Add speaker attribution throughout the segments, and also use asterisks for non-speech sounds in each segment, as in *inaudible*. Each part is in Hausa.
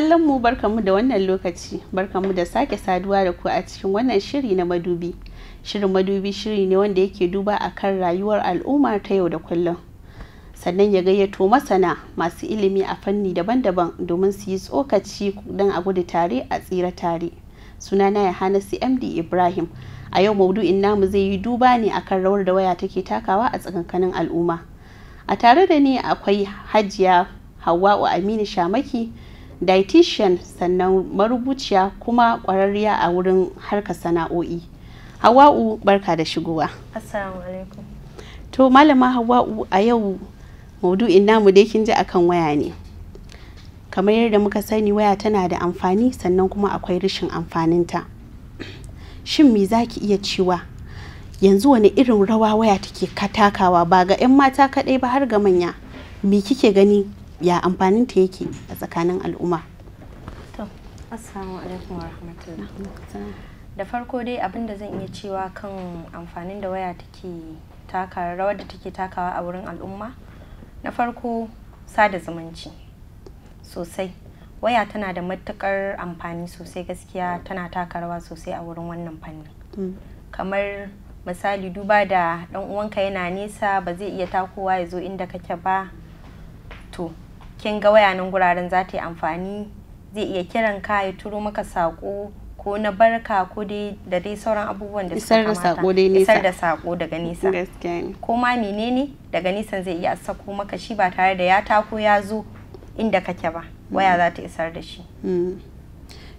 Speaker 1: kallon mu barkamu da wannan lokaci barkamu da sake saduwa da ku a cikin wannan shiri na madubi shirin madubi shiri ne wanda yake duba a kan rayuwar al'umma ta yau da kullum sannan ya gayyato masana masu ilimi a fanni daban-daban domin su yi tsokaci don a gudu tare a tsira tare sunana ya hana cmd ibrahim a yau maudu'in namu zai yi duba ne akan rawar da waya take takawa a tsakankanin al'umma a tare da ni akwai hajiya hawa'u aminu shamaki dietitian sannan marubuciya kuma ƙwararriya a wurin harkar sana'o'i hawa'u barka da shigowa to malama hawa'u a yau maudu'in namu dai kin ji akan waya ne kamar yadda muka sani waya tana da amfani sannan kuma akwai rashin amfaninta shin me za ki iya cewa yanzu wani irin rawa waya take katakawa ba ga 'yan mata kaɗai ba har ga manya me kike gani ya amfanin ta yake a tsakanin al'umma
Speaker 2: to assalamu alaikum wa da farko dai abin da zan iya cewa kan amfanin da waya take taka rawar da take takawa a wurin al'umma na farko sada zumunci sosai waya tana da matukar amfani sosai gaskiya tana taka rawa sosai a wurin wannan fannin mm. kamar misali duba da dan uwanka yana nesa ba zai iya takowa ya zo inda kake ba to kin ga wayanin guraren za ta yi amfani zai iya kiran ka ya turo maka sako ko na barka ko dai da dai sauran abubuwan da suka kamata isar da sako dai nisa da sako daga nisa ko ma menene daga nisan zai iya sako maka shi ba tare da ya tako ya zo inda kake ba waya za ta isar da shi
Speaker 1: hmm.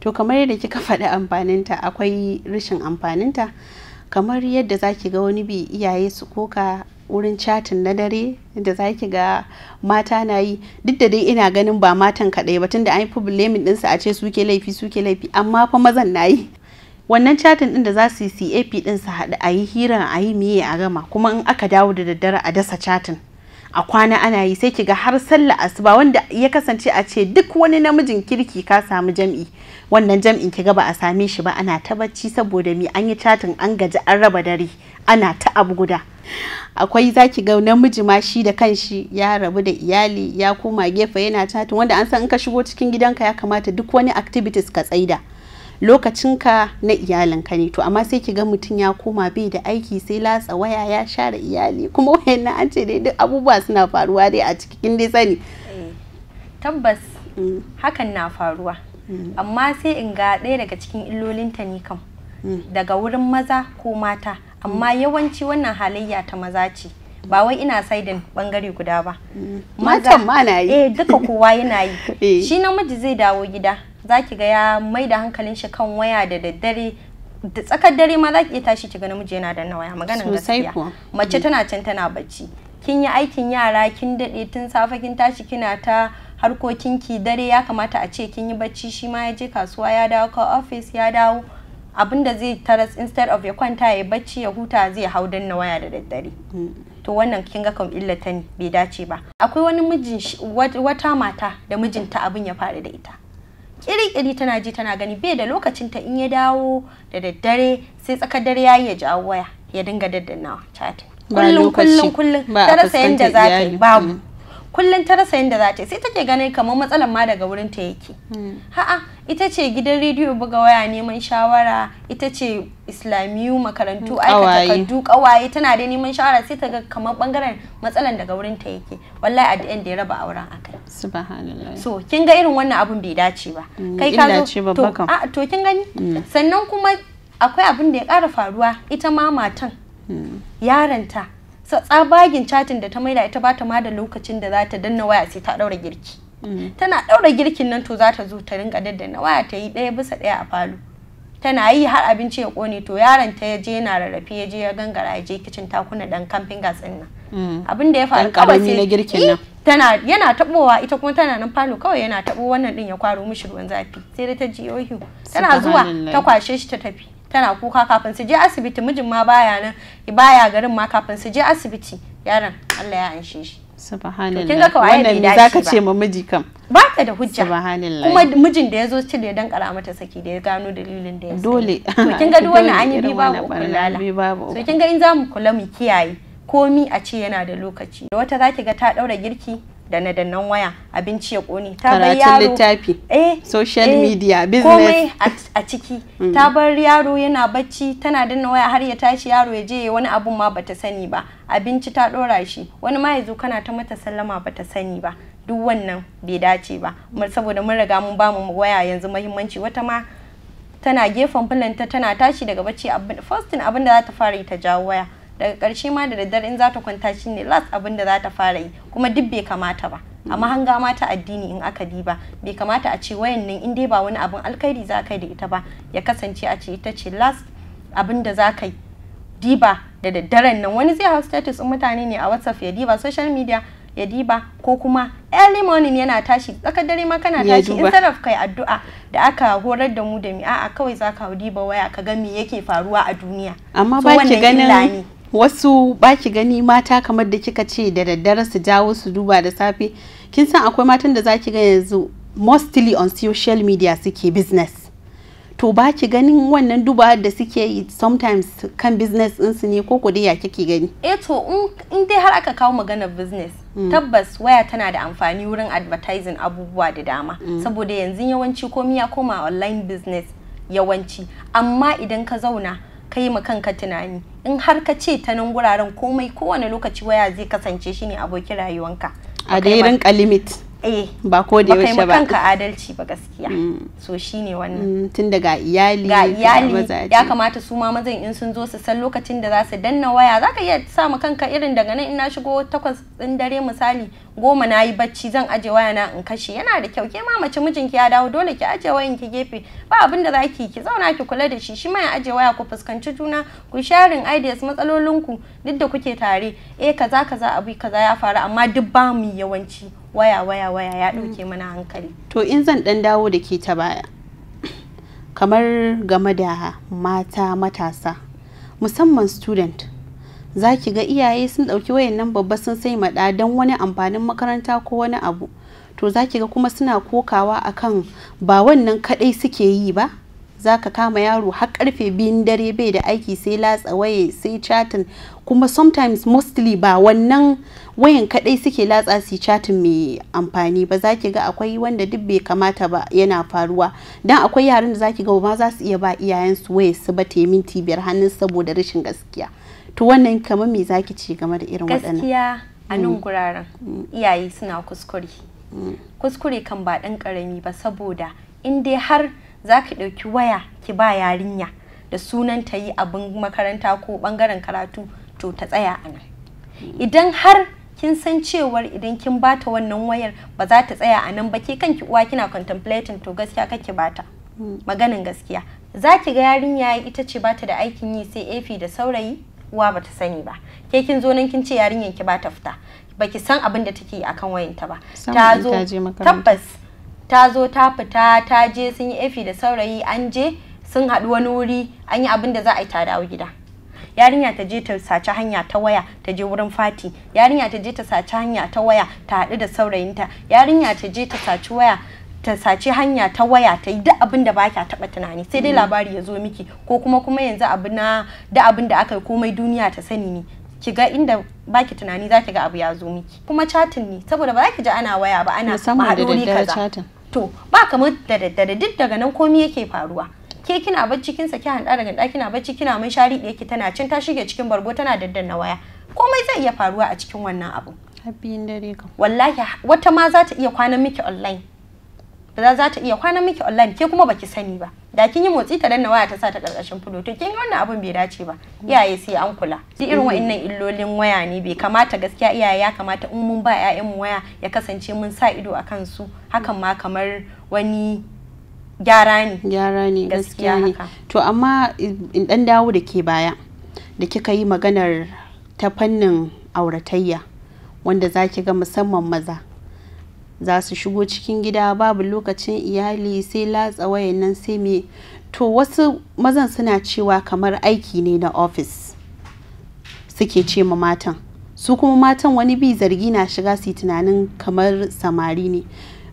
Speaker 1: to kamar yadda kika faɗi amfaninta akwai rashin amfaninta kamar yadda zaki ga wani bi iyaye su koka wurin chatin na dare da za ki ga mata na yi duk da dai ina ganin ba matan kaɗai ba tunda an yi problemin ɗinsu a ce suke laifi suke laifi amma fa mazan na yi wannan chatin ɗin da za su yi cap ɗin su haɗu a yi hiran a yi miye a gama kuma in aka dawo da daddare a dasa chatin a kwana ana yi sai ki ga har sallah asuba wanda ya kasance a ce duk wani namijin kirki ka samu jam'i wannan jam'in ki ga ba a same shi ba ana ta bacci saboda mi an yi chatin an gaji an raba dare ana ta abu guda akwai zaki ga namiji ma shi da kanshi ya rabu da iyali ya koma gefe yana tatu wanda an san in ka shigo cikin gidanka ya kamata duk wani activities ka tsaida lokacinka na iyalinka ne to amma sai ki ga mutum ya koma bai da aiki sai latsa waya ya share iyali kuma wayannan an ce dai duk abubuwa suna faruwa dai a cikin dai sani eh,
Speaker 2: tabbas mm. hakan na faruwa mm. amma sai in ga ɗaya daga cikin illolinta ne kam mm. daga wurin maza ko mata amma yawanci wannan halayya ta maza ce ba wai ina saidin bangare guda ba mm. matan ma na yi eh duka kowa yana yi *laughs* eh. shi namiji zai dawo gida zaki ga ya mai da hankalin shi kan waya da daddare da tsakar dare ma zaki iya tashi kiga namiji yana da waya maganar gaskiya mace mm. tana can tana bacci kin yi aikin yara kin dade tun safe kin tashi kina ta harkokin ki dare ya kamata a ce kin yi bacci shi ma ya je kasuwa ya dawo ka office ya dawo abin da zai taras instead of ya kwanta ya bacci ya huta zai hau danna waya da daddare hmm. to wannan kin ga kan illata ne bai dace ba akwai wani mijin wata mata da mijinta abin ya faru da ita kiri-kiri tana ji tana gani bai da lokacin ta in ya dawo da daddare sai tsakar dare yayi ya jawo waya ya dinga daddannawa chat kullum kullum kullum
Speaker 1: ta rasa yadda babu hmm.
Speaker 2: kullum ta rasa yadda za ta yi sai take ganin kamar matsalar ma daga wurin ta yake hmm. ha'a ita ce gidan rediyo buga waya neman shawara ita ce islamiyu makarantu hmm, aika takardu kawaye tana da neman shawara sai ta ga kamar bangaren matsalar daga wurin ta yake wallahi at the end ya raba auren akai subhanallah so kin ga irin wannan abun bai dace ba hmm, kai ka zo to a to kin gani sannan kuma akwai abin da ya kara faruwa ita ma matan yaranta tsabagin chatin da ta maida ita ba ta ma da lokacin da za ta danna waya sai ta daura girki tana daura girkin nan to za ta zo ta ringa daddana waya ta yi daya bisa daya a falo tana yi har abinci ya kone to yaron ta ya je na rarrafe ya je ya gangara ya je kicin kuna dan camping gas din nan mm. abin da ya faru kawai sai eh, tana yana tabowa ita kuma tana nan falo kawai yana tabo wannan din ya kwaro mishi ruwan zafi sai da ta ji yohi tana zuwa ta kwashe shi ta tafi tana kuka kafin su je asibiti mijin ma baya nan baya garin ma kafin su je asibiti yaron Allah ya anshe shi
Speaker 1: subhanallah kin ga kawai wannan me zaka ce ma miji kam ba ta da hujja subhanallah kuma
Speaker 2: mijin da yazo ci da dan kara mata saki da ya gano dalilin da ya
Speaker 1: dole to kin ga duk *laughs* wannan an yi bi babu kulala to
Speaker 2: kin ga in zamu kula mu kiyaye komi a ce yana da lokaci da wata zaki ga ta daura girki na dannan waya abinci ya kone
Speaker 1: ta bar yaro littafi eh social eh, media business komai a ciki mm. ta
Speaker 2: bar yaro yana bacci tana danna waya har ya tashi yaro ya je wani abun ma bata sani ba abinci ta dora shi wani ma yazo kana ta mata sallama bata sani ba duk wannan bai dace ba saboda mun riga mun bamu waya yanzu muhimmanci wata ma tana gefen filanta tana tashi daga bacci abin first abin da za ta fara ta jawo waya daga ƙarshe ma da daddare in za ta kwanta shine last abin da za ta fara yi kuma duk bai kamata ba amma hanga mata addini in aka diba bai kamata a ce wayan nan in dai ba wani abin alkhairi za ka yi da ita ba ya kasance a ce ita ce last abin da za ka yi diba da daddaren nan wani zai hau status mutane ne a whatsapp ya diba social media ya diba ko kuma early morning yana tashi tsakar dare ma kana tashi in sarraf kai addu'a da aka horar da mu da mi a'a kawai zaka hau diba waya ka ga me yake faruwa a duniya amma ba ki ganin
Speaker 1: wasu baki gani mata kamar da kika ce da daddare su jawo su duba da safe kin san akwai matan da zaki ga yanzu mostly on social media suke business to baki ganin wannan duba da suke yi sometimes kan business su ne ko ku ya kike gani eh to
Speaker 2: in dai har aka kawo maganar business mm. tabbas waya tana da amfani wurin advertising abubuwa da dama mm. saboda yanzu yawanci komi ya koma online business yawanci amma idan ka zauna ka yi kanka tunani in har ka ce ta nan guraren komai kowane lokaci waya zai kasance shine abokin rayuwanka
Speaker 1: a da ka limit Eh, ba ko da yaushe ba kanka adalci ba gaskiya mm. so shine wannan mm, tun daga iyali ga iyali ya kamata
Speaker 2: su ma mazan in sun zo su san lokacin da za su danna waya zaka iya sa ma kanka irin daga nan in na shigo takwas din dare misali goma na yi bacci zan aje waya na in kashe yana da kyau ke ma mace mijinki ya dawo dole ki aje wayan ki gefe ba abin da zaki ki zauna ki kula da shi shi ma ya aje waya ku fuskanci juna ku sharing ideas matsalolinku duk da kuke tare eh kaza kaza abu kaza ya faru amma duk ba mu yawanci waya waya waya ya mm. ɗauke mana hankali
Speaker 1: to in zan ɗan dawo da ke ta baya kamar game da mata matasa musamman student za ki ga iyaye sun ɗauki wayan nan babba sun sai maɗa don wani amfanin makaranta ko wani abu to za ki ga kuma suna kokawa akan ba wannan kaɗai suke yi ba za ka kama yaro har karfe biyun dare bai da aiki sai latsa waye sai chatin kuma sometimes mostly ba wannan wayan kadai suke latsa su chatin mai amfani ba za ki ga akwai wanda duk bai kamata ba yana faruwa dan akwai yaran da za ki ga ba za su iya ba iyayensu waye su ba te minti biyar hannun saboda rashin gaskiya to wannan kamar me za ki ce game da irin waɗannan gaskiya
Speaker 2: a nan mm. guraren mm. iyaye suna kuskure mm. kuskure kan ba ɗan ƙarami ba saboda in dai har za ki ɗauki waya ki ba yarinya da sunan ta yi abin makaranta ko ɓangaren karatu to ta tsaya a nan idan har kin san cewar idan kin bata wannan wayar ba za ta tsaya a nan ba ke kanki uwa kina contemplating to gaskiya kake bata mm. maganin gaskiya za ki ga yarinya ita ce bata da aikin yi sai efi da saurayi uwa ta sani ba ke kin zo nan kin ce yarinyar ki bata fita baki san abin da take yi akan wayanta ba ta zo tabbas ta zo ta fita ta je sun yi efi da saurayi an je sun haɗu wani wuri an yi abin da za a yi ta dawo gida yarinya ta je ta saci hanya ta waya ta je wurin fati yarinya ta je ta saci hanya ta waya ta haɗu da saurayinta yarinya ta je ta saci waya ta saci hanya ta waya ta yi duk abin da baka taba tunani sai dai mm. labari ya zo miki ko kuma kuma yanzu abu na da abin da aka komai duniya ta sani ne ki ga inda baki tunani zaki ga abu ya zo miki kuma chatin ne saboda ba za ki ji ana waya ba ana mahadori kaza to ba kamar da daddare duk daga nan komai yake faruwa ke kina bacci kin saki hanɗa daga ɗaki kina bacci kina mun shari da yake tana cin ta shige cikin bargo tana daddanna waya komai zai iya faruwa a cikin wannan abu
Speaker 1: habbin dare kam
Speaker 2: wallahi wata ma za ta iya kwana miki online da za ta iya kwana miki online ke kuma baki sani ba da kin yi motsi ta danna waya ta sa ta karkashin fuloto to kin wannan abun bai dace ba iyaye sai an kula shi irin mm-hmm. wa'annan illolin waya ne bai kamata gaskiya iyaye ya kamata in mun ba ƴaƴanmu waya ya kasance mun sa ido a kansu hakan ma kamar wani
Speaker 1: gyara ne gyara ne gaskiya ne to amma in dan dawo da ke baya da kika yi maganar ta fannin auratayya wanda za ki ga musamman maza za su shigo cikin gida babu lokacin iyali sai latsa wayan nan sai me to wasu mazan suna cewa kamar aiki ne na ofis suke ce ma matan su kuma matan wani bi zargi na shiga su tunanin kamar samari ne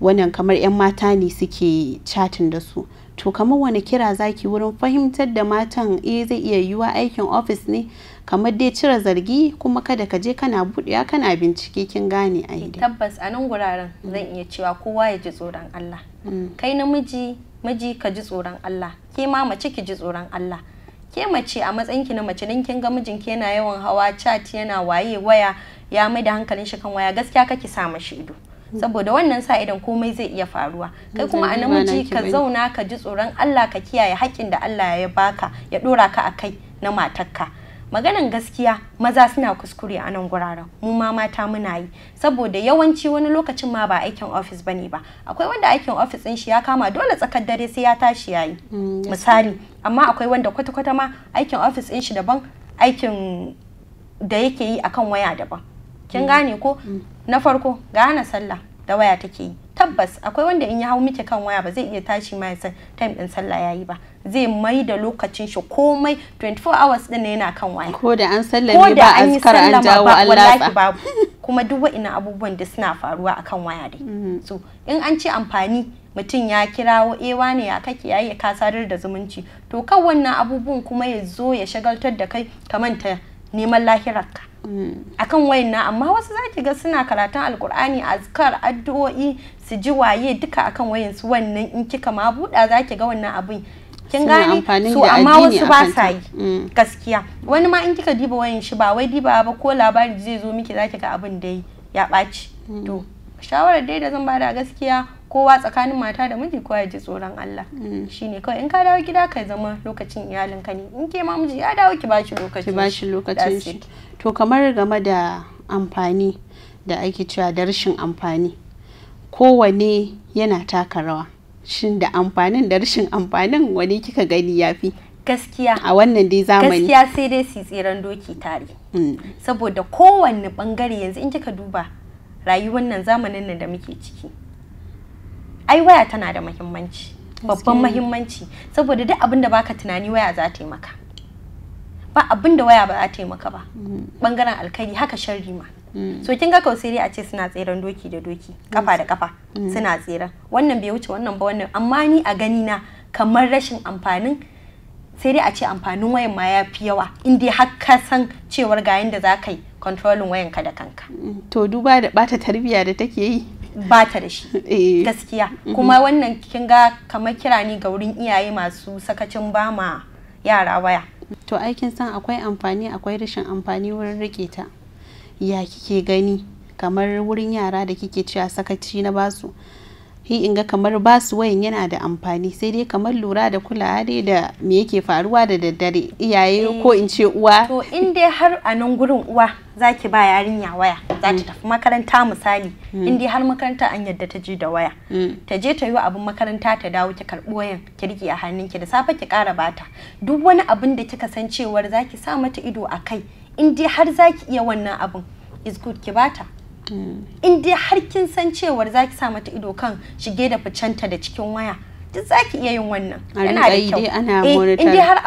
Speaker 1: wannan kamar 'yan mata ne suke chatin da su to kamar wani kira zaki wurin fahimtar da matan eh zai iya yiwuwa aikin ofis ne kamar dai cire zargi kuma kada ka je kana buɗewa kana bincike kin gane a
Speaker 2: tabbas a nan guraren zan iya cewa kowa ya ji tsoron Allah mm. kai namiji miji ka ji tsoron Allah ke ma mace ki ji tsoron Allah ke mace a matsayin ki na mace nan kin ga mijin ki yana yawan hawa chat yana waye waya ya mai da hankalin shi kan waya gaskiya kake sa mashi ido mm. saboda wannan sa idan komai zai iya faruwa kai kuma a namiji ka zauna ka ji tsoron Allah ka kiyaye haƙƙin da Allah ya baka ya dora ka akai na matarka maganan gaskiya maza suna kuskure a nan guraren mu ma mata muna yi saboda yawanci wani lokacin ma ba aikin ofis bane ba akwai wanda aikin ofis din shi ya kama dole tsakar dare sai ya tashi yayi mm, misali amma akwai wanda kwata-kwata ma aikin ofis din shi daban aikin da yake yi akan waya daban kin mm. gane ko mm. na farko gane sallah da waya take yi tabbas akwai wanda in ya hau miki kan waya ba zai iya tashi ma ya san time din sallah yayi ba zai mai da lokacin shi komai 24 hours din yana kan waya ko da an sallame ba askar an jawo Allah ba *laughs* kuma duk wa'ina abubuwan da suna faruwa akan waya dai mm-hmm. so in an ce amfani mutum ya kirawo ewa eh, ne ya kake yayi ka sadar da zumunci to kan wannan abubuwan kuma ya zo ya shagaltar da kai ka manta neman lahirarka akan wayannan amma wasu zaki ga suna karatun alkur'ani azkar addu'o'i su ji waye duka akan wayan su wannan in kika ma buɗa zaki ga wannan abin kin gani so amma wasu ba sa yi mm. gaskiya wani ma in kika diba wayan shi ba wai diba ba ko labari zai zo miki zaki ga abin da ya ɓaci mm. to shawarar dai da zan bada gaskiya kowa tsakanin mata da miji kowa ya ji tsoron Allah mm. shine kawai in ka dawo gida ka zama lokacin ka ne in ke ma miji ya dawo ki bashi lokaci. bashi lokacin shi
Speaker 1: to kamar game da amfani da ake cewa da rashin amfani kowane yana taka rawa shin da amfanin da rashin amfanin wani kika gani yafi gaskiya a wannan dai zamani gaskiya
Speaker 2: sai dai su tseren doki tare mm. saboda kowanne bangare yanzu in kika duba rayuwar nan zamanin nan da muke ciki ai waya tana da mahimmanci babban mahimmanci saboda duk abinda baka tunani waya za ta yi maka ba abin waya ba za ta yi maka ba bangaren mm. alkhairi haka sharri ma mm. so kin ga kausiri a ce suna tseren doki da doki kafa da kafa mm. suna tseren wannan bai wuce wannan ba wannan amma ni a gani na kamar rashin amfanin sai dai a ce amfanin wayan ma ya fi yawa in dai har ka san cewar ga yanda za ka yi kontrolin wayanka da kanka
Speaker 1: to duba da bata tarbiyya da take yi bata da shi *laughs* eh. gaskiya
Speaker 2: mm-hmm. kuma wannan kin ga kamar kira ne ga wurin iyaye masu sakacin ba ma
Speaker 1: yara waya to aikin san akwai amfani akwai rashin amfani wurin rike ta ya kike gani kamar wurin yara da kike cewa sakaci na basu hi in ga kamar basu wayan yana da amfani sai dai kamar lura da kulawa dai da me yake faruwa da daddare iyaye eh, ko in ce uwa to in dai har a nan gurin uwa zaki
Speaker 2: ba yarinya waya za ta mm. tafi makaranta misali mm. in dai har makaranta an yadda ta je da waya mm. ta je ta yi abin makaranta ta dawo ki karbo wayan ki rike a ki. da safe ki kara bata duk wani abin da kika san cewar zaki sa mata ido a kai in dai har zaki iya wannan abin is good ki bata Mm. in dai har kin san cewar za ki sa mata ido kan shige da ficenta da cikin waya duk za ki iya yin wannan yana da kyau in dai eh, har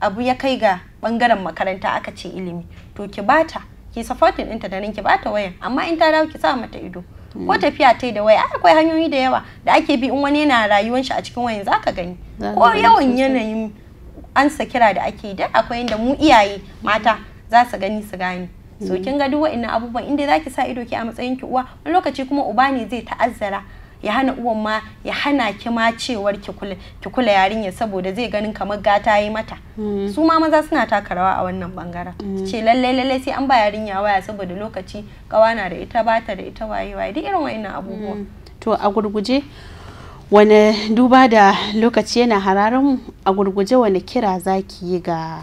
Speaker 2: abu ya kai ga bangaren makaranta aka ce ilimi to ki bata ki supporting ɗinta da ki bata wayan amma in ta dawo ki sa mata ido ko mm. tafiya ta da waya akwai hanyoyi da yawa da ake bi in wani yana rayuwar shi a cikin wayan zaka gani ko yawan yanayin ansa kira da ake da akwai inda mu iyaye mata za su gani su gani. so hmm. kin ga duk wa'annan abubuwan inda zaki sa ido ki a matsayin ki uwa wani lokaci kuma uba ne zai ta'azzara ya hana uwan ma ya hana ki ma cewar ki kula ki kula yarinya saboda zai ganin kamar gata yi mata hmm. su ma maza suna taka rawa a wannan bangaren hmm. ce lalle lalle sai an ba yarinya waya saboda lokaci na da ita bata da ita waye waye duk irin wa'annan abubuwa
Speaker 1: to a gurguje wani duba da lokaci yana hararin a gurguje wani kira zaki yi ga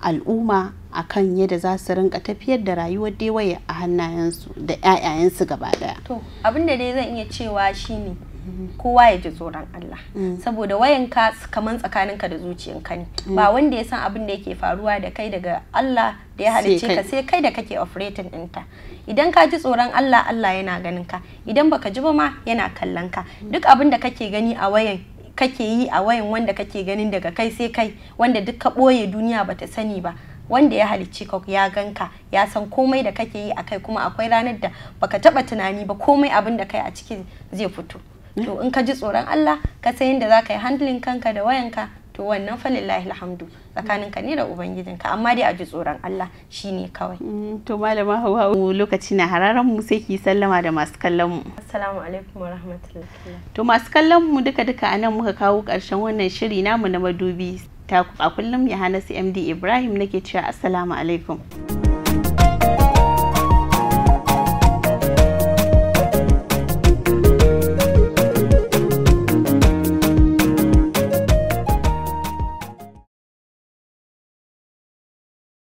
Speaker 1: al'umma akan yadda za su rinka tafiyar da rayuwar dewaye a hannayensu da 'ya'yayensu gaba daya
Speaker 2: to abinda dai zan iya cewa shine mm-hmm. kowa ya ji tsoron Allah mm. saboda wayan wayanka kaman tsakaninka da zuciyanka ne mm. ba wanda ya san abin da yake faruwa da kai daga Allah da ya halicce ka sai kai da kake operating ɗinta idan ka ji tsoron Allah Allah yana ganin ka idan baka ji ba ma yana kallon ka mm. duk abin da kake gani a wayan kake yi a wayan wanda kake ganin daga kai sai kai wanda duk ka ɓoye duniya bata sani ba wanda ya halicci ka ya ganka ya san komai da kake yi akai kuma akwai ranar da baka taba tunani ba komai abin da kai a ciki zai fito to in ka ji tsoron Allah ka san yadda za yi handling kanka da wayanka to wannan falillahi alhamdu tsakanin ka ne da ubangijinka amma dai a ji tsoron Allah
Speaker 1: shine kawai mm, to malama hawa lokaci na hararan mu sai ki sallama da masu kallon mu
Speaker 2: assalamu alaikum wa rahmatullahi
Speaker 1: to masu kallon mu duka duka anan muka kawo karshen wannan shiri namu na madubi taku a kullum hana CMD Ibrahim nake cewa assalamu alaikum.